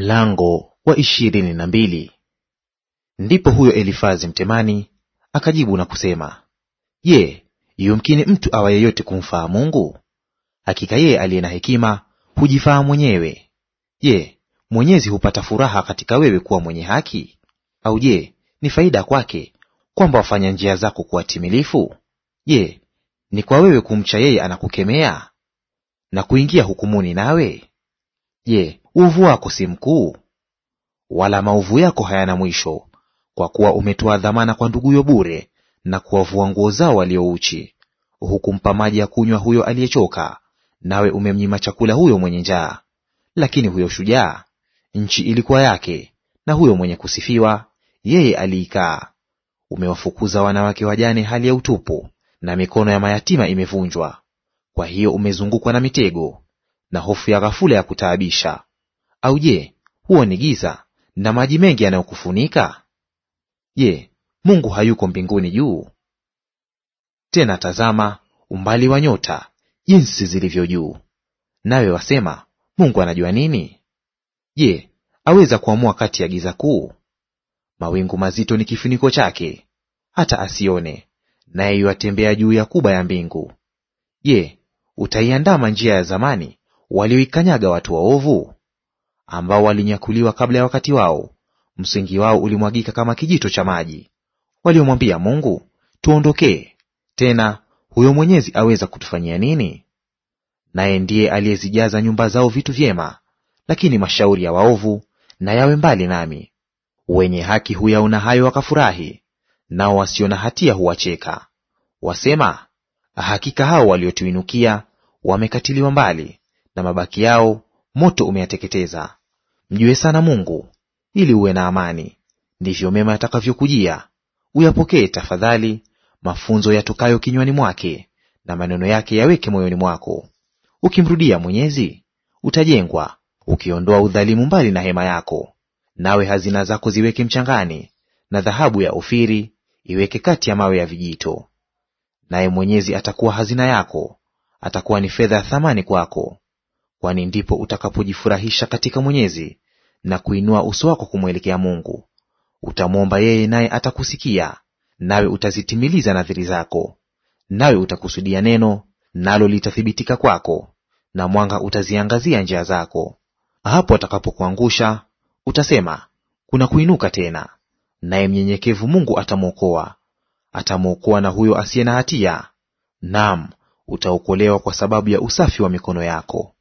Mlango wa ishirini na mbili. Ndipo huyo Elifazi Mtemani akajibu na kusema, Je, yumkini mtu awa yeyote kumfaa Mungu? Hakika yeye aliye na hekima hujifaa mwenyewe. Je, Mwenyezi hupata furaha katika wewe kuwa mwenye haki? Au je, ni faida kwake kwamba wafanya njia zako kuwa timilifu? Je, ni kwa wewe kumcha yeye anakukemea na kuingia hukumuni nawe? Je, uvu wako si mkuu, wala mauvu yako hayana mwisho, kwa kuwa umetoa dhamana kwa nduguyo bure, na kuwavua nguo zao waliouchi. Hukumpa maji ya kunywa huyo aliyechoka, nawe umemnyima chakula huyo mwenye njaa. Lakini huyo shujaa, nchi ilikuwa yake, na huyo mwenye kusifiwa, yeye aliikaa. Umewafukuza wanawake wajane hali ya utupu, na mikono ya mayatima imevunjwa. Kwa hiyo umezungukwa na mitego na hofu ya ghafula ya kutaabisha. Au je, huo ni giza na maji mengi yanayokufunika? Je, Mungu hayuko mbinguni juu? Tena tazama umbali wa nyota jinsi zilivyo juu. Nawe wasema, Mungu anajua nini? Je, aweza kuamua kati ya giza kuu? Mawingu mazito ni kifuniko chake, hata asione, naye yuatembea juu ya kuba ya mbingu. Je, utaiandama njia ya zamani walioikanyaga watu waovu? ambao walinyakuliwa kabla ya wakati wao, msingi wao ulimwagika kama kijito cha maji. Waliomwambia Mungu, tuondokee; tena huyo Mwenyezi aweza kutufanyia nini? Naye ndiye aliyezijaza nyumba zao vitu vyema, lakini mashauri ya waovu na yawe mbali nami. Wenye haki huyaona hayo wakafurahi, nao wasio na hatia huwacheka. Wasema, hakika hao waliotuinukia wamekatiliwa mbali, na mabaki yao moto umeyateketeza. Mjue sana Mungu ili uwe na amani, ndivyo mema yatakavyokujia. Uyapokee tafadhali mafunzo yatokayo kinywani mwake, na maneno yake yaweke moyoni mwako. Ukimrudia Mwenyezi utajengwa, ukiondoa udhalimu mbali na hema yako. Nawe hazina zako ziweke mchangani, na dhahabu ya Ofiri iweke kati ya mawe ya vijito. Naye Mwenyezi atakuwa hazina yako, atakuwa ni fedha ya thamani kwako kwani ndipo utakapojifurahisha katika Mwenyezi na kuinua uso wako kumwelekea Mungu. Utamwomba yeye, naye atakusikia, nawe utazitimiliza nadhiri zako. Nawe utakusudia neno, nalo litathibitika kwako, na mwanga utaziangazia njia zako. Hapo atakapokuangusha utasema, kuna kuinuka tena, naye mnyenyekevu Mungu atamwokoa. Atamwokoa na huyo asiye na hatia; naam, utaokolewa kwa sababu ya usafi wa mikono yako.